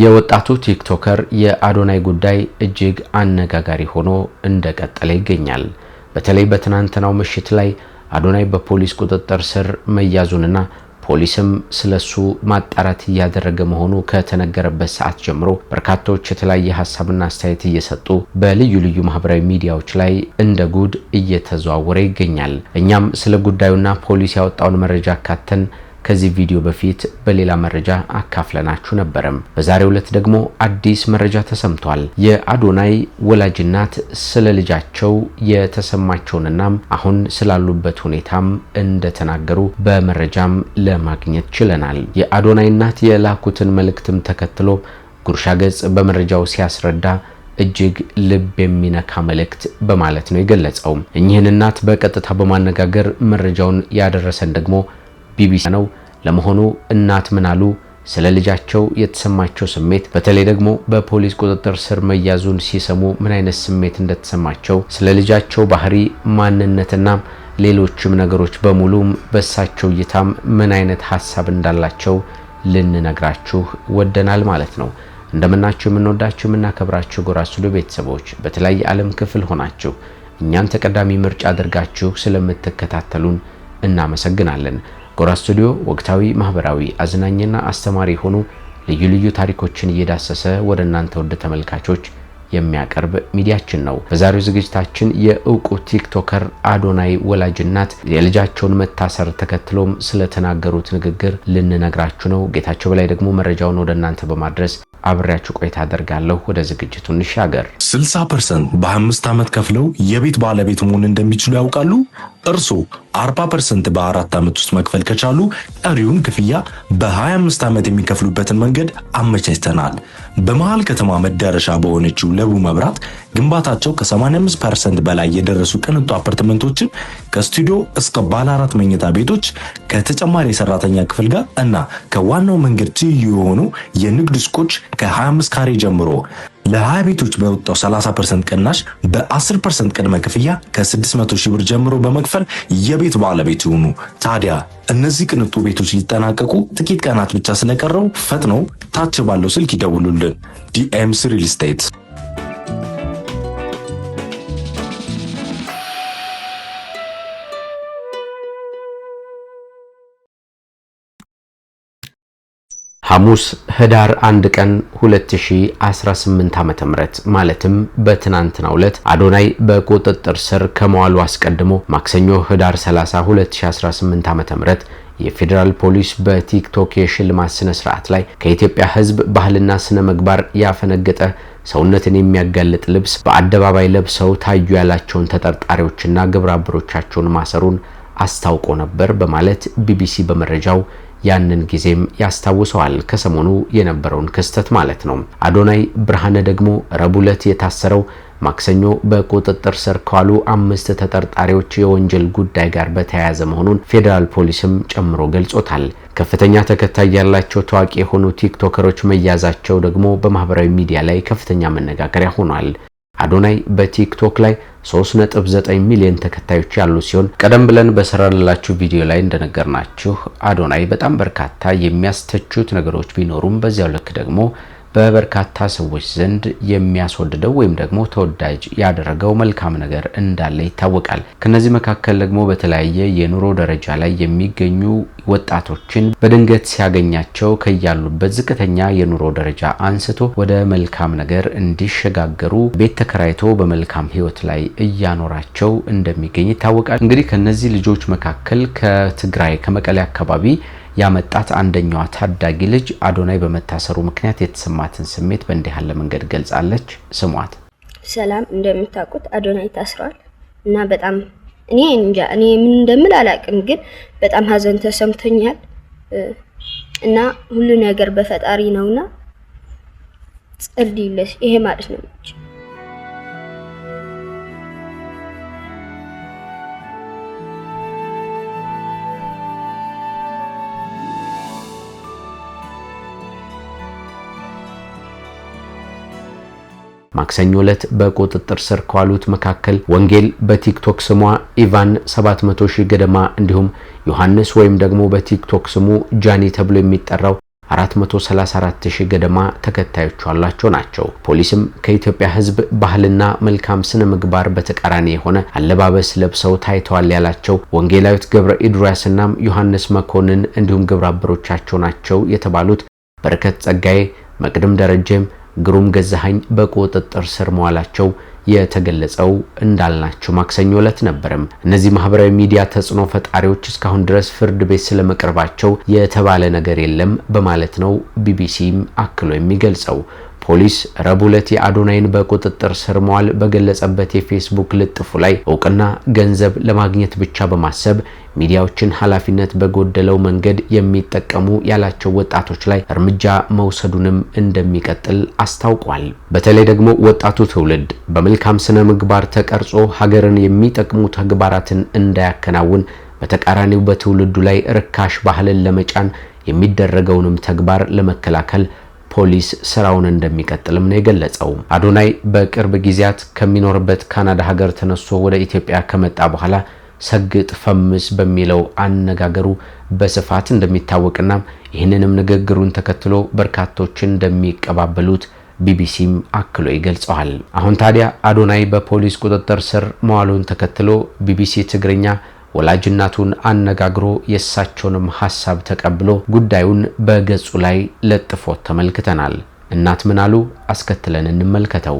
የወጣቱ ቲክቶከር የአዶናይ ጉዳይ እጅግ አነጋጋሪ ሆኖ እንደቀጠለ ይገኛል። በተለይ በትናንትናው ምሽት ላይ አዶናይ በፖሊስ ቁጥጥር ስር መያዙንና ፖሊስም ስለሱ ማጣራት እያደረገ መሆኑ ከተነገረበት ሰዓት ጀምሮ በርካታዎች የተለያየ ሀሳብና አስተያየት እየሰጡ በልዩ ልዩ ማህበራዊ ሚዲያዎች ላይ እንደ ጉድ እየተዘዋወረ ይገኛል። እኛም ስለ ጉዳዩና ፖሊስ ያወጣውን መረጃ አካተን ከዚህ ቪዲዮ በፊት በሌላ መረጃ አካፍለናችሁ ነበረም። በዛሬው ዕለት ደግሞ አዲስ መረጃ ተሰምቷል። የአዶናይ ወላጅናት ስለ ልጃቸው የተሰማቸውንናም አሁን ስላሉበት ሁኔታም እንደተናገሩ በመረጃም ለማግኘት ችለናል። የአዶናይ እናት የላኩትን መልእክትም ተከትሎ ጉርሻ ገጽ በመረጃው ሲያስረዳ እጅግ ልብ የሚነካ መልእክት በማለት ነው የገለጸው። እኚህን እናት በቀጥታ በማነጋገር መረጃውን ያደረሰን ደግሞ ቢቢሲ ነው። ለመሆኑ እናት ምን አሉ? ስለ ልጃቸው የተሰማቸው ስሜት በተለይ ደግሞ በፖሊስ ቁጥጥር ስር መያዙን ሲሰሙ ምን አይነት ስሜት እንደተሰማቸው ስለ ልጃቸው ባህሪ ማንነትና ሌሎችም ነገሮች በሙሉም በእሳቸው እይታም ምን አይነት ሀሳብ እንዳላቸው ልንነግራችሁ ወደናል ማለት ነው። እንደምናችሁ የምንወዳችሁ የምናከብራችሁ ጎራ ስቱዲዮ ቤተሰቦች በተለያየ ዓለም ክፍል ሆናችሁ እኛን ተቀዳሚ ምርጫ አድርጋችሁ ስለምትከታተሉን እናመሰግናለን። ጎራ ስቱዲዮ ወቅታዊ፣ ማህበራዊ፣ አዝናኝና አስተማሪ የሆኑ ልዩ ልዩ ታሪኮችን እየዳሰሰ ወደ እናንተ ወደ ተመልካቾች የሚያቀርብ ሚዲያችን ነው። በዛሬው ዝግጅታችን የእውቁ ቲክቶከር አዶናይ ወላጅናት የልጃቸውን መታሰር ተከትሎም ስለተናገሩት ንግግር ልንነግራችሁ ነው። ጌታቸው በላይ ደግሞ መረጃውን ወደ እናንተ በማድረስ አብሬያችሁ ቆይታ አደርጋለሁ። ወደ ዝግጅቱ እንሻገር። 60 ፐርሰንት በአምስት ዓመት ከፍለው የቤት ባለቤት መሆን እንደሚችሉ ያውቃሉ? እርስዎ 40% በአራት ዓመት ውስጥ መክፈል ከቻሉ ቀሪውን ክፍያ በ25 ዓመት የሚከፍሉበትን መንገድ አመቻችተናል። በመሃል ከተማ መዳረሻ በሆነችው ለቡ መብራት ግንባታቸው ከ85% በላይ የደረሱ ቅንጡ አፓርትመንቶችን ከስቱዲዮ እስከ ባለ አራት መኝታ ቤቶች ከተጨማሪ የሰራተኛ ክፍል ጋር እና ከዋናው መንገድ ትይዩ የሆኑ የንግድ ሱቆች ከ25 ካሬ ጀምሮ ለሀያ ቤቶች በወጣው 30 ፐርሰንት ቅናሽ በ10 ፐርሰንት ቅድመ ክፍያ ከ600 ሺህ ብር ጀምሮ በመክፈል የቤት ባለቤት ይሁኑ። ታዲያ እነዚህ ቅንጡ ቤቶች ሊጠናቀቁ ጥቂት ቀናት ብቻ ስለቀረው ፈጥነው ታች ባለው ስልክ ይደውሉልን። ዲኤምሲ ሪል ስቴት ሐሙስ ህዳር 1 ቀን 2018 ዓ.ም ማለትም በትናንትናው ዕለት አዶናይ በቁጥጥር ስር ከመዋሉ አስቀድሞ ማክሰኞ ህዳር 30 2018 ዓ.ም የፌዴራል ፖሊስ በቲክቶክ የሽልማት ስነ ስርዓት ላይ ከኢትዮጵያ ህዝብ ባህልና ስነ ምግባር ያፈነገጠ ሰውነትን የሚያጋልጥ ልብስ በአደባባይ ለብሰው ታዩ ያላቸውን ተጠርጣሪዎችና ግብራብሮቻቸውን ማሰሩን አስታውቆ ነበር በማለት ቢቢሲ በመረጃው ያንን ጊዜም ያስታውሰዋል፣ ከሰሞኑ የነበረውን ክስተት ማለት ነው። አዶናይ ብርሃነ ደግሞ ረቡዕ ዕለት የታሰረው ማክሰኞ በቁጥጥር ስር ካሉ አምስት ተጠርጣሪዎች የወንጀል ጉዳይ ጋር በተያያዘ መሆኑን ፌዴራል ፖሊስም ጨምሮ ገልጾታል። ከፍተኛ ተከታይ ያላቸው ታዋቂ የሆኑ ቲክቶከሮች መያዛቸው ደግሞ በማህበራዊ ሚዲያ ላይ ከፍተኛ መነጋገሪያ ሆኗል። አዶናይ በቲክቶክ ላይ 3.9 ሚሊዮን ተከታዮች ያሉ ሲሆን ቀደም ብለን በሰራንላችሁ ቪዲዮ ላይ እንደነገርናችሁ አዶናይ በጣም በርካታ የሚያስተቹት ነገሮች ቢኖሩም በዚያው ልክ ደግሞ በበርካታ ሰዎች ዘንድ የሚያስወድደው ወይም ደግሞ ተወዳጅ ያደረገው መልካም ነገር እንዳለ ይታወቃል። ከነዚህ መካከል ደግሞ በተለያየ የኑሮ ደረጃ ላይ የሚገኙ ወጣቶችን በድንገት ሲያገኛቸው ከያሉበት ዝቅተኛ የኑሮ ደረጃ አንስቶ ወደ መልካም ነገር እንዲሸጋገሩ ቤት ተከራይቶ በመልካም ሕይወት ላይ እያኖራቸው እንደሚገኝ ይታወቃል። እንግዲህ ከነዚህ ልጆች መካከል ከትግራይ ከመቀሌ አካባቢ ያመጣት አንደኛዋ ታዳጊ ልጅ አዶናይ በመታሰሩ ምክንያት የተሰማትን ስሜት በእንዲህ ያለ መንገድ ገልጻለች። ስሟት። ሰላም፣ እንደምታውቁት አዶናይ ታስሯል እና በጣም እኔ እንጃ እኔ ምን እንደምል አላውቅም፣ ግን በጣም ሀዘን ተሰምቶኛል እና ሁሉ ነገር በፈጣሪ ነውና ጸልዩለት። ይሄ ማለት ነው። ማክሰኞ ዕለት በቁጥጥር ስር ከዋሉት መካከል ወንጌል በቲክቶክ ስሟ ኢቫን 700 ሺህ ገደማ እንዲሁም ዮሐንስ ወይም ደግሞ በቲክቶክ ስሙ ጃኒ ተብሎ የሚጠራው 434 ሺህ ገደማ ተከታዮች አላቸው ናቸው። ፖሊስም ከኢትዮጵያ ሕዝብ ባህልና መልካም ስነ ምግባር በተቃራኒ የሆነ አለባበስ ለብሰው ታይተዋል ያላቸው ወንጌላዊት ገብረ ኢድሪያስናም ዮሐንስ መኮንን እንዲሁም ግብረ አበሮቻቸው ናቸው የተባሉት በረከት ጸጋዬ፣ መቅድም ደረጀም ግሩም ገዛኸኝ በቁጥጥር ስር መዋላቸው የተገለጸው እንዳልናቸው ማክሰኞ ዕለት ነበርም። እነዚህ ማህበራዊ ሚዲያ ተጽዕኖ ፈጣሪዎች እስካሁን ድረስ ፍርድ ቤት ስለመቅረባቸው የተባለ ነገር የለም በማለት ነው ቢቢሲም አክሎ የሚገልጸው። ፖሊስ ረቡዕ ዕለት የአዶናይን በቁጥጥር ስር መዋል በገለጸበት የፌስቡክ ልጥፉ ላይ እውቅና ገንዘብ ለማግኘት ብቻ በማሰብ ሚዲያዎችን ኃላፊነት በጎደለው መንገድ የሚጠቀሙ ያላቸው ወጣቶች ላይ እርምጃ መውሰዱንም እንደሚቀጥል አስታውቋል። በተለይ ደግሞ ወጣቱ ትውልድ በመልካም ስነ ምግባር ተቀርጾ ሀገርን የሚጠቅሙ ተግባራትን እንዳያከናውን በተቃራኒው በትውልዱ ላይ ርካሽ ባህልን ለመጫን የሚደረገውንም ተግባር ለመከላከል ፖሊስ ስራውን እንደሚቀጥልም ነው የገለጸው። አዶናይ በቅርብ ጊዜያት ከሚኖርበት ካናዳ ሀገር ተነስቶ ወደ ኢትዮጵያ ከመጣ በኋላ ሰግጥ ፈምስ በሚለው አነጋገሩ በስፋት እንደሚታወቅና ይህንንም ንግግሩን ተከትሎ በርካቶችን እንደሚቀባበሉት ቢቢሲም አክሎ ይገልጸዋል። አሁን ታዲያ አዶናይ በፖሊስ ቁጥጥር ስር መዋሉን ተከትሎ ቢቢሲ ትግርኛ ወላጅ እናቱን አነጋግሮ የእሳቸውንም ሐሳብ ተቀብሎ ጉዳዩን በገጹ ላይ ለጥፎት ተመልክተናል። እናት ምን አሉ? አስከትለን እንመልከተው።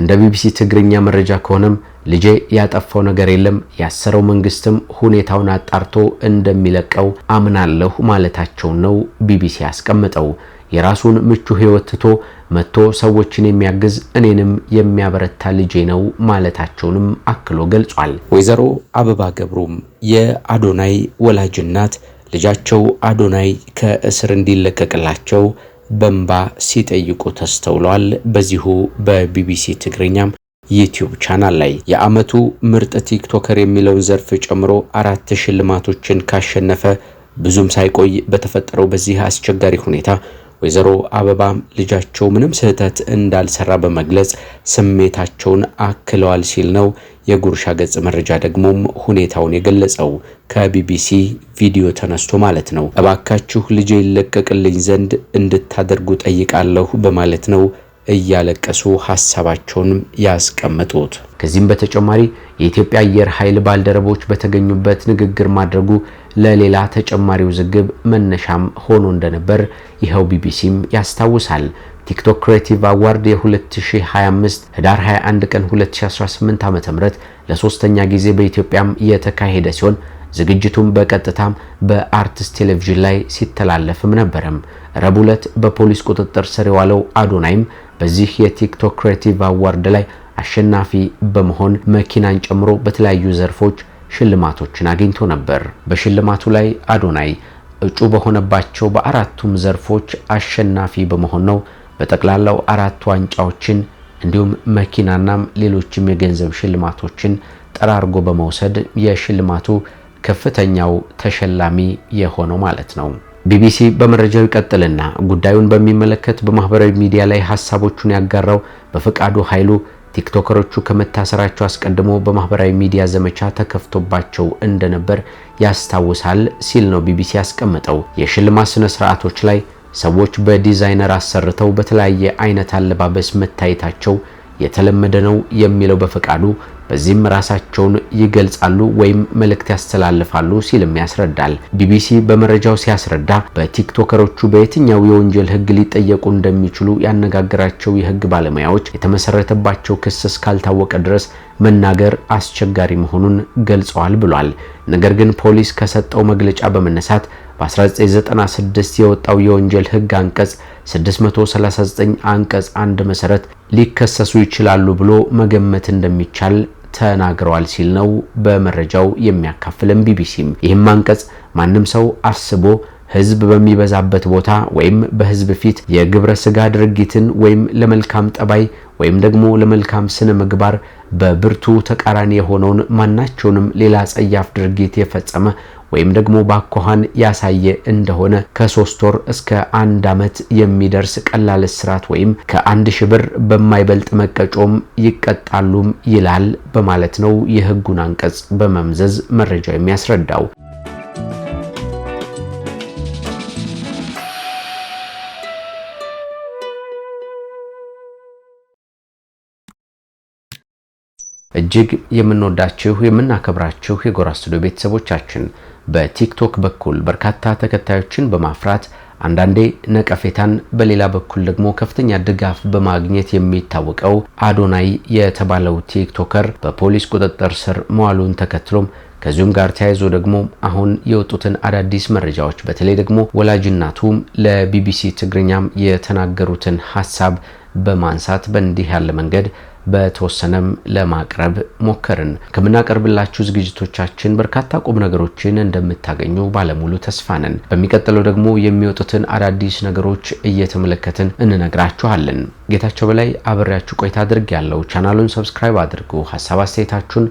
እንደ ቢቢሲ ትግርኛ መረጃ ከሆነም ልጄ ያጠፋው ነገር የለም፣ ያሰረው መንግስትም ሁኔታውን አጣርቶ እንደሚለቀው አምናለሁ ማለታቸውን ነው ቢቢሲ ያስቀመጠው። የራሱን ምቹ ህይወት ትቶ መጥቶ ሰዎችን የሚያግዝ እኔንም የሚያበረታ ልጄ ነው ማለታቸውንም አክሎ ገልጿል። ወይዘሮ አበባ ገብሩም የአዶናይ ወላጅ እናት ልጃቸው አዶናይ ከእስር እንዲለቀቅላቸው በእንባ ሲጠይቁ ተስተውለዋል። በዚሁ በቢቢሲ ትግርኛም ዩቲዩብ ቻናል ላይ የዓመቱ ምርጥ ቲክቶከር የሚለውን ዘርፍ ጨምሮ አራት ሽልማቶችን ካሸነፈ ብዙም ሳይቆይ በተፈጠረው በዚህ አስቸጋሪ ሁኔታ ወይዘሮ አበባ ልጃቸው ምንም ስህተት እንዳልሰራ በመግለጽ ስሜታቸውን አክለዋል ሲል ነው የጉርሻ ገጽ መረጃ ደግሞም ሁኔታውን የገለጸው ከቢቢሲ ቪዲዮ ተነስቶ ማለት ነው። እባካችሁ ልጄ ይለቀቅልኝ ዘንድ እንድታደርጉ ጠይቃለሁ በማለት ነው እያለቀሱ ሀሳባቸውንም ያስቀምጡት ከዚህም በተጨማሪ የኢትዮጵያ አየር ኃይል ባልደረቦች በተገኙበት ንግግር ማድረጉ ለሌላ ተጨማሪ ውዝግብ መነሻም ሆኖ እንደነበር ይኸው ቢቢሲም ያስታውሳል። ቲክቶክ ክሬቲቭ አዋርድ የ2025 ህዳር 21 ቀን 2018 ዓ.ም ለሶስተኛ ጊዜ በኢትዮጵያም የተካሄደ ሲሆን ዝግጅቱም በቀጥታም በአርትስ ቴሌቪዥን ላይ ሲተላለፍም ነበረም። ረቡዕ ዕለት በፖሊስ ቁጥጥር ስር የዋለው አዶናይም በዚህ የቲክቶክ ክሬቲቭ አዋርድ ላይ አሸናፊ በመሆን መኪናን ጨምሮ በተለያዩ ዘርፎች ሽልማቶችን አግኝቶ ነበር። በሽልማቱ ላይ አዶናይ እጩ በሆነባቸው በአራቱም ዘርፎች አሸናፊ በመሆን ነው በጠቅላላው አራት ዋንጫዎችን እንዲሁም መኪናናም ሌሎችም የገንዘብ ሽልማቶችን ጠራርጎ በመውሰድ የሽልማቱ ከፍተኛው ተሸላሚ የሆነው ማለት ነው። ቢቢሲ በመረጃው ይቀጥልና ጉዳዩን በሚመለከት በማህበራዊ ሚዲያ ላይ ሀሳቦቹን ያጋራው በፈቃዱ ኃይሉ ቲክቶከሮቹ ከመታሰራቸው አስቀድሞ በማህበራዊ ሚዲያ ዘመቻ ተከፍቶባቸው እንደነበር ያስታውሳል ሲል ነው ቢቢሲ ያስቀመጠው። የሽልማት ስነ ስርዓቶች ላይ ሰዎች በዲዛይነር አሰርተው በተለያየ አይነት አለባበስ መታየታቸው የተለመደ ነው የሚለው በፈቃዱ በዚህም ራሳቸውን ይገልጻሉ ወይም መልእክት ያስተላልፋሉ ሲልም ያስረዳል። ቢቢሲ በመረጃው ሲያስረዳ በቲክቶከሮቹ በየትኛው የወንጀል ህግ ሊጠየቁ እንደሚችሉ ያነጋገራቸው የህግ ባለሙያዎች የተመሰረተባቸው ክስ እስካልታወቀ ድረስ መናገር አስቸጋሪ መሆኑን ገልጸዋል ብሏል። ነገር ግን ፖሊስ ከሰጠው መግለጫ በመነሳት በ1996 የወጣው የወንጀል ህግ አንቀጽ 639 አንቀጽ 1 መሰረት ሊከሰሱ ይችላሉ ብሎ መገመት እንደሚቻል ተናግረዋል ሲል ነው በመረጃው የሚያካፍለን ቢቢሲም። ይህም አንቀጽ ማንም ሰው አስቦ ህዝብ በሚበዛበት ቦታ ወይም በህዝብ ፊት የግብረ ስጋ ድርጊትን ወይም ለመልካም ጠባይ ወይም ደግሞ ለመልካም ስነ ምግባር በብርቱ ተቃራኒ የሆነውን ማናቸውንም ሌላ ጸያፍ ድርጊት የፈጸመ ወይም ደግሞ ባኳኋን ያሳየ እንደሆነ ከሶስት ወር እስከ አንድ ዓመት የሚደርስ ቀላል እስራት ወይም ከአንድ ሺህ ብር በማይበልጥ መቀጮም ይቀጣሉም ይላል በማለት ነው የህጉን አንቀጽ በመምዘዝ መረጃው የሚያስረዳው። እጅግ የምንወዳችሁ የምናከብራችሁ የጎራ ስቱዲዮ ቤተሰቦቻችን በቲክቶክ በኩል በርካታ ተከታዮችን በማፍራት አንዳንዴ ነቀፌታን በሌላ በኩል ደግሞ ከፍተኛ ድጋፍ በማግኘት የሚታወቀው አዶናይ የተባለው ቲክቶከር በፖሊስ ቁጥጥር ስር መዋሉን ተከትሎም ከዚሁም ጋር ተያይዞ ደግሞ አሁን የወጡትን አዳዲስ መረጃዎች በተለይ ደግሞ ወላጅናቱም ለቢቢሲ ትግርኛም የተናገሩትን ሀሳብ በማንሳት በእንዲህ ያለ መንገድ በተወሰነም ለማቅረብ ሞከርን። ከምናቀርብላችሁ ዝግጅቶቻችን በርካታ ቁም ነገሮችን እንደምታገኙ ባለሙሉ ተስፋ ነን። በሚቀጥለው ደግሞ የሚወጡትን አዳዲስ ነገሮች እየተመለከትን እንነግራችኋለን። ጌታቸው በላይ አብሬያችሁ ቆይታ አድርግ ያለው ቻናሉን ሰብስክራይብ አድርጉ። ሀሳብ አስተያየታችሁን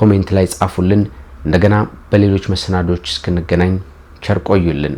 ኮሜንት ላይ ጻፉልን። እንደገና በሌሎች መሰናዶች እስክንገናኝ ቸር ቆዩልን።